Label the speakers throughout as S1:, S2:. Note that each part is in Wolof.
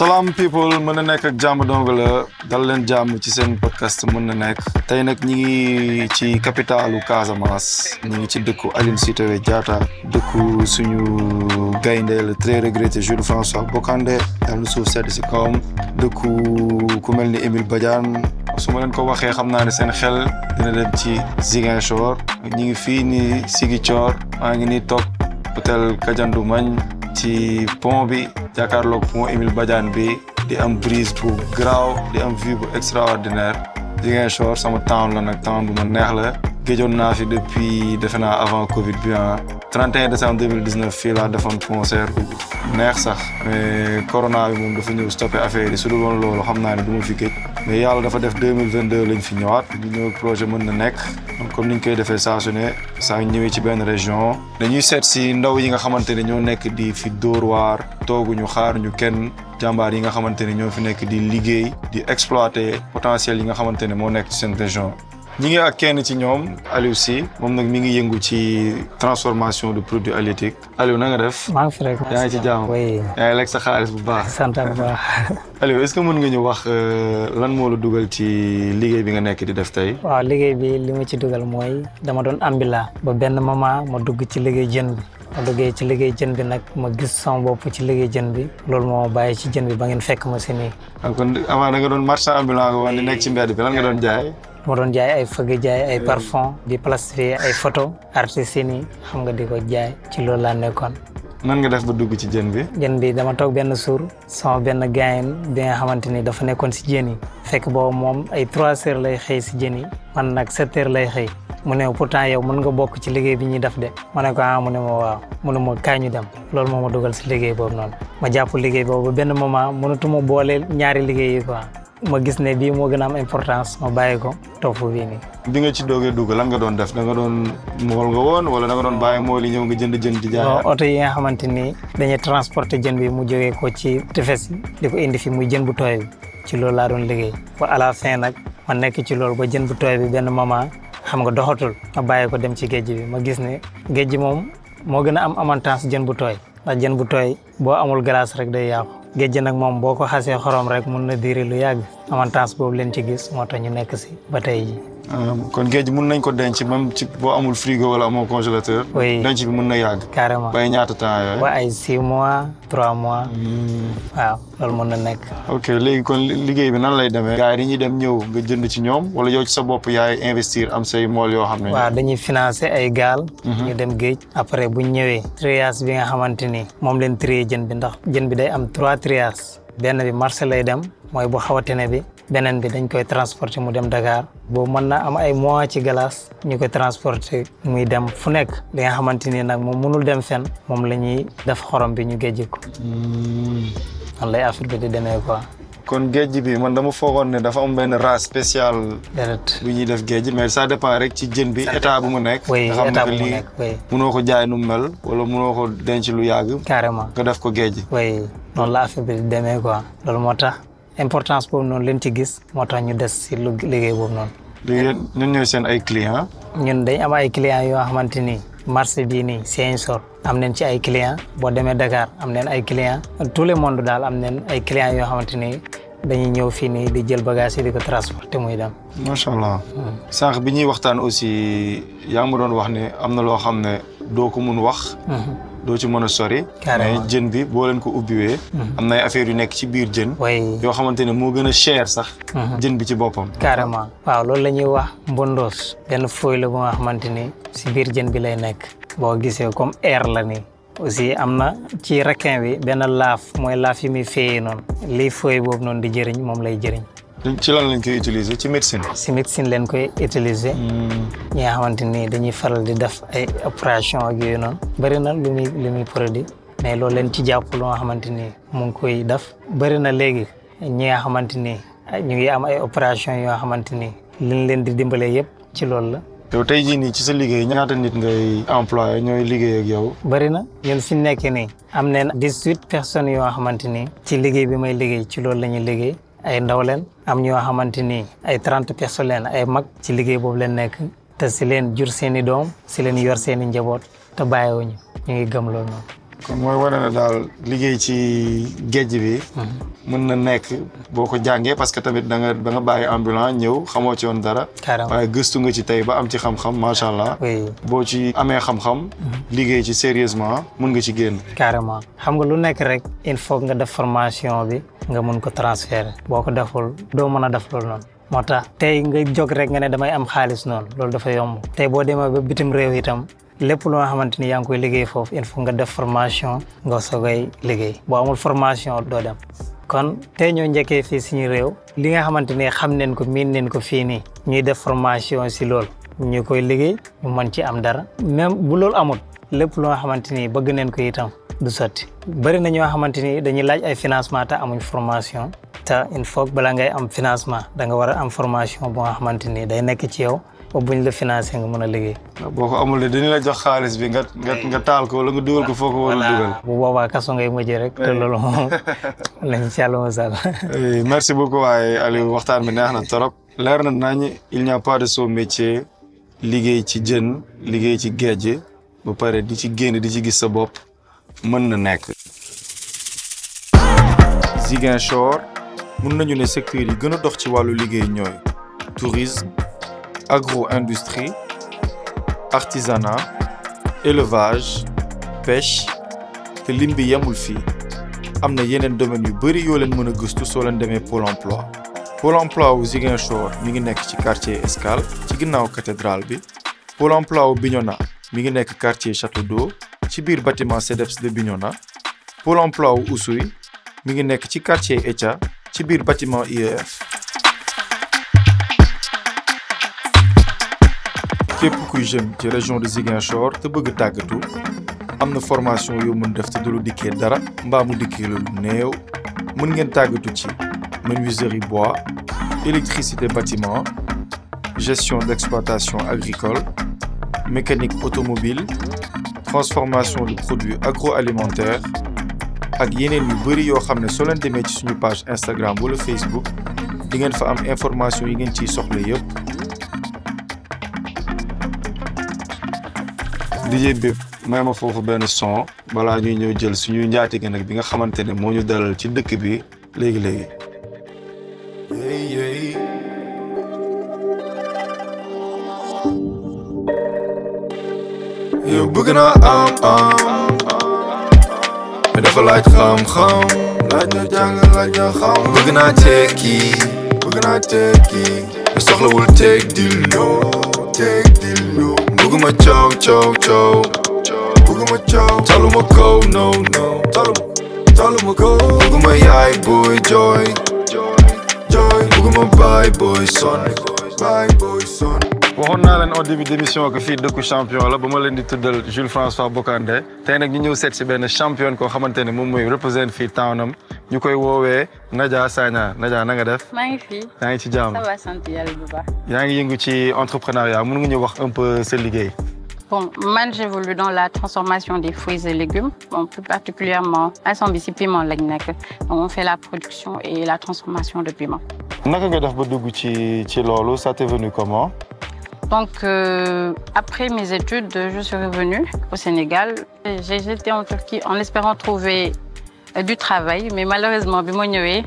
S1: salaam people mën na nekk ak jàmm dong la dal leen jàmm ci seen podcast mën na nekk tey nag ñi ngi ci capitalu Casamance ñi ngi ci dëkku Aline Sitoé Diatta dëkku suñu gaynde le très regretté Jules François Bocandé yàlla na suuf sedd si kawam dëkku ku mel ni Émile Badiane su ma leen ko waxee xam naa ne seen xel dina dem ci Ziguinchor ñi ngi fii ni Ziguinchor maa ngi ni toog hôtel Kadiandou Magne ci pont bi jàkkaarloog pont Émile Badiane bi di am brise bu garaaw di am vue bu extraordinaire Ziguinchor sama town la nag town bu ma neex la géejoon naa fi depuis defe naa avant Covid bi ah. 31 décembre 2019 fii laa defoon concert bu neex sax mais corona bi moom dafa ñëw stoppé affaire yi su dul woon loolu xam naa ne du ma fi géej mais yàlla dafa def 2022 lañ fi ñëwaat ñu ñëw projet mën na nekk donc comme ni ñu koy defee saa su ne saa ñu ñëwee ci benn région dañuy seet si ndaw yi nga xamante ne ñoo nekk di fi door waar toogu ñu xaar ñu kenn jàmbaar yi nga xamante ne ñoo fi nekk di liggéey di exploiter potentiel yi nga xamante ne moo nekk ci seen région ñi ngi ak kenn ci ñoom Aliou Sy moom nag mi ngi yëngu ci transformation de produit halieutique Aliou na nga def. maa ngi fi rek yaa ngi ci jàmm yaa ngi lekk sa xaalis bu baax.
S2: sant bu baax.
S1: Aliou est-ce que mën nga ñu wax euh, lan moo la dugal ci liggéey bi nga nekk di def tey.
S2: waaw liggéey bi li ma ci dugal mooy dama doon ambila ba benn moment ma dugg ci liggéey jën bi. ma duggee ci liggéey jën bi nag ma gis sama bopp ci liggéey jën bi loolu moo bàyyi ci jën bi ba ngeen fekk ma si nii. Ah, kon
S1: avant da nga doon marchand ambulant nga woon di nekk ci mbedd bi lan nga doon jaay.
S2: moo doon jaay ay fëgg jaay ay parfum di plastifier ay photo artistes yi nii nga di ko jaay ci loolu laa nekkoon.
S1: nan nga def ba dugg ci jën bi.
S2: jën bi dama toog benn suur sama benn gaayen bi nga xamante ni dafa nekkoon si jën yi. fekk boobu moom ay trois heures lay xëy si jën yi man nag sept heures lay xëy mu ne pourtant yow mën nga bokk ci liggéey bi ñuy def de ma ko ah mu ne ma waaw mu ne ma kaay dem loolu moo ma dugal si liggéey boobu noonu ma jàpp liggéey boobu ba benn moment mënatuma boole ñaari liggéey ma gis ne bii moo gën a am importance ma bàyyi ko tofu bii nii.
S1: bi nga ci doogee dugg lan nga doon def da nga doon mool nga woon wala da nga doon bàyyi mool yi ñëw nga jënd jën di jaay.
S2: oto yi nga xamante ni dañuy transporter jën bi mu jógee ko ci tefes yi di indi fi muy jën bu tooy bi ci loolu laa doon liggéey ba à la nag ma nekk ci loolu ba jën bu bi benn moment xam nga doxatul ma ko dem ci géej bi ma gis ne géej gi moom moo gën a am avantage jën bu tooy ndax jën bu tooy boo amul glace rek day yàqu géej nag moom boo ko xasee xorom rek mun na diiri lu yàgg avantage boobu ñu nekk si ba
S1: kon géej mën nañ ko denc même ci boo amul frigo wala amoo congélateur. oui denc bi mën na yàgg. carrément bay ñaata temps yooyu. ba ay
S2: six mois trois mois. Hmm. waaw loolu mën na nekk.
S1: ok léegi kon liggéey bi nan lay demee. gars yi dañuy dem ñëw nga jënd ci ñoom wala yow sa bopp yaay investir am say mool yoo xam ne. waaw dañuy
S2: financé ay gaal. Mhm. ñu dem géej après bu ñu ñëwee. triage bi nga xamante ni moom leen trier jën bi ndax jën bi day am trois triage. benn bi marché lay dem mooy bu xaw a bi beneen bi dañ koy transporter mu dem Dakar boo mën na am ay mois ci glace ñu koy transporter muy dem fu nekk li nga xamante ni nag moom mënul dem fenn moom la ñuy def xorom bi ñu géej ko. man hmm. lay di demee quoi.
S1: kon géej bi man dama foogoon ne dafa am benn race spéciale. bu ñuy def géej mais ça dépend rek ci jën bi état bu mu nekk. oui état bu mu nekk ko jaay nu mel. wala munoo ko denc lu yàgg. carrément nga def ko géej.
S2: noonu la affaire bi demee loolu moo tax importance boobu noonu leen ci gis moo tax ñu des si lu liggéey boobu noonu.
S1: léegi ñun ñooy seen ay clients.
S2: ñun dañ am ay clients yoo xamante ni marché bii nii seen sor am nañ ci ay clients boo demee Dakar am nañ ay clients tout le monde daal am nañ ay clients yoo xamante ni dañuy ñëw fii nii di jël bagage yi di ko transporter muy dem. macha allah. Hmm.
S1: sànq bi ñuy waxtaan aussi yaa ma doon wax ne am na loo xam ne doo ko mun wax. Hmm. doo ci mën a sori. mais jën bi boo leen ko ubbiwee. Mhm. am na ay affaires yu nekk ci biir jën. yoo xamante ne moo gën a cher sax. Mhm. jën bi ci boppam.
S2: carrément waaw loolu la ñuy wax mbondoos. benn fooy la bu nga xamante ni si biir jën bi lay nekk. boo gisee comme air la ni aussi am na ci requin bi benn laaf mooy laaf yi muy féeyee noonu. lii fooy boobu noonu di jëriñ moom lay jëriñ.
S1: ci lan lañ koy utiliser ci médecine.
S2: si médecine leen koy utiliser. Hmm. ñi nga xamante ni dañuy faral di def ay opération ak yooyu noonu. bëri na lu muy lu muy produit. mais loolu leen ci jàpp lu nga xamante ni mu ngi koy def. bëri na léegi ñi nga xamante ni ñu ngi am ay opération yoo xamante ni liñ leen di dimbale yëpp ci loolu la.
S1: yow tey jii nii ci sa liggéey ñaata nit ngay employé ñooy liggéey ak yow.
S2: bëri na ñun fi ñu nekkee nii. am neen dix huit personnes yoo xamante ni. ci liggéey bi may liggéey ci loolu la ñuy liggéey. ay ndaw leen am ñoo xamante ni ay trente personnes ay mag ci liggéey boobu leen nekk te si leen jur seen i doom si leen yor seen i njaboot te bàyyiwuñu ñu ngi gëm loolu noonu
S1: kon mooy wane na daal liggéey ci gejj bi. Hmm. mën na nekk boo ko jàngee parce que tamit da nga da nga bàyyi ambulance ñëw xamoo ci woon dara. waaye gëstu nga ci tey ba am ci xam-xam macha allah. boo ci amee xam-xam. Hmm. liggéey ci sérieusement mun nga ci génn.
S2: carrément xam nga lu nekk rek il faut nga def formation bi nga mën ko transférer boo ko deful doo mën a def loolu noonu. moo tax tey nga jóg rek nga ne damay am xaalis noonu loolu dafa yomb tey boo demee ba bitim réew itam lépp loo xamante ni yaa ngi koy liggéey foofu il faut def formation nga soogay liggéey boo amul formation doo kon te ñoo njëkkee fi suñu réew li nga xamante ni xam nañ ko miin nañ ko fii nii ñuy def formation si loolu ñu koy liggéey ñu mën ci am dara même bu loolu amul lépp loo xamante ni bëgg nañ ko itam du sotti bëri na ñoo xamante ni dañuy laaj ay financement te amuñ formation te il faut balaa ngay am financement da nga war a am formation boo xamante ni day nekk ci yow bu buñ la financé nga mën a liggéey.
S1: boo ko amul de dañu la jox xaalis bi nga nga nga taal ko wala nga dugal ko foo ko war a dugal. bu boobaa kaso ngay mujjee rek te loolu moom
S2: lañ ci àll mosal.
S1: waaye Aliou waxtaan bi neex na trop. leer na nañ il n'y de sot métier liggéey ci jën liggéey ci géej ba pare di ci génn di ci gis sa bopp mën na nekk. Ziguinchor mun nañu ne secteur yi gën a dox ci wàllu liggéey ñooy tourisme. agro-industrie, artisanat, élevage pêche te lim bi yemul fii am na yeneen domaines yu bëri yoo leen mën a gëstu soo leen demee pôle emploi pôle emploi wu Ziguinchor mi ngi nekk ci quartier Escale ci ginnaaw cathédrale bi pôle emploi wu Bignona mi ngi nekk quartier Château d'Eau ci biir batiment CDEPS de Bignona pôle emploi wu Oussouye mi ngi nekk ci quartier Etia ci biir batiment IEF képp kuy jeune ci région de Ziguinchor te bëgg tàggatu am na formation yoo mën def te du lu dikkee dara mbaamu mu dikkee lu néew mën ngeen tàggatu ci menuiserie bois électricité bâtiment gestion d'exploitation agricole mécanique automobile transformation de produits agroalimentaires ak yeneen yu bëri yoo xam ne soo leen ci suñu page Instagram wala Facebook di ngeen fa am information yi ngeen ciy soxla yépp DJ Bip may ma foofu benn son balaa ñuy ñëw jël suñuy njaatige nag bi nga xamante ne moo ñu dalal ci dëkk bi léegi léegi. yow bëgg naa am am mais dafa laaj xam-xam laaj na jàng laaj na xam bëgg naa tekki bëgg naa tekki mais soxlawul teg di loo teg di bëgguma coow coow coow bëgguma coow taluma kaw no no taluma kaw bëgguma yaay booy jooy jooy bëgguma baay booy sonn baay booy sonn waxoon naa leen au début d'émission que fii dëkku champion la ba ma leen di tuddal Jules François Bocandé tey nag ñu ñëw seet si benn championne koo xamante ne moom mooy représente fii townam ñu koy woowee Nadia Sagna Nadia na nga def. maa ngi fi. yaa ngi ci jàmm ça
S3: va sant yàlla bu baax.
S1: yaa ngi yëngu ci entrepreneuriat mën nga ñu wax un peu sa liggéey.
S3: Bon, man j'évolue dans la transformation des fruits et légumes, bon, plus particulièrement insombici piment lañ nekk. Donc on fait la production et la transformation de piment.
S1: Naka nga def ba dugg ci ci loolu ça t'est venu comment?
S3: Donc, euh, après mes études, je suis revenue au Sénégal. J'étais en Turquie en espérant trouver euh, du travail, mais malheureusement, Bimonyoé,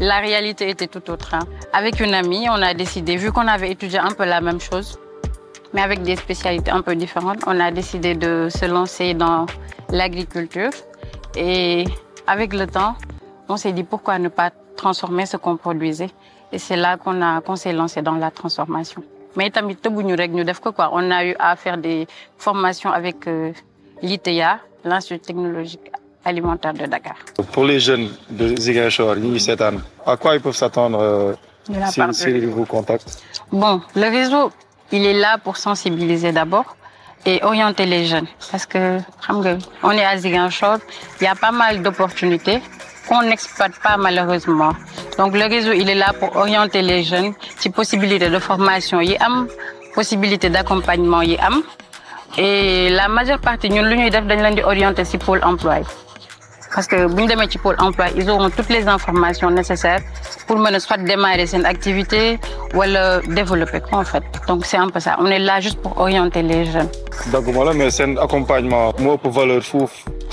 S3: la réalité était tout autre. Avec une amie, on a décidé, vu qu'on avait étudié un peu la même chose, mais avec des spécialités un peu différentes, on a décidé de se lancer dans l'agriculture. Et avec le temps, on s'est dit pourquoi ne pas transformer ce qu'on produisait. Et c'est là qu'on s'est lancé dans la transformation. mais tamit tëbuñu rek ñu def ko quoi on a eu à faire des formations avec euh, l'ITEA l'Institut technologique alimentaire de Dakar.
S1: Pour les jeunes de Ziguinchor ñi seetaan à quoi ils peuvent s'attendre euh, si, si ils vous contactent
S3: Bon, le réseau il est là pour sensibiliser d'abord et orienter les jeunes parce que xam nga on est à Ziguinchor, il y a pas mal d'opportunités. qu'on n'exploite pas malheureusement donc le réseau il est là pour orienter les jeunes ci possibilité de formation yi am possibilité d'accompagnement yi am et la majeure partie ñun lu ñuy def dañ leen di orienter si pôle emploi yi parce que bu ñu demee ci pôle emploi ils auront toutes les informations nécessaires pour mën a soit démarrer seen activité wala développer ko en fait donc c'est un peu ça on est pour orienter les jeunes.
S1: donc voilà mais seen accompagnement moo ëpp valeur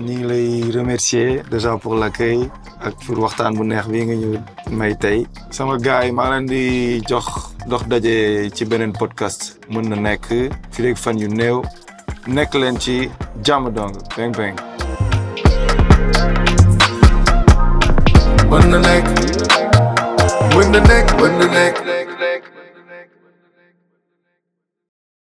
S1: ñu ngi lay remercier déjà pour l'accueil ak pour waxtaan bu neex bii nga ñu may tey. sama gars yi maa leen di jox dox daje ci beneen podcast mën na nekk fii rek fan yu néew nekk leen ci jàmm dong bang bang. mën na nekk mën na nekk mën na nekk.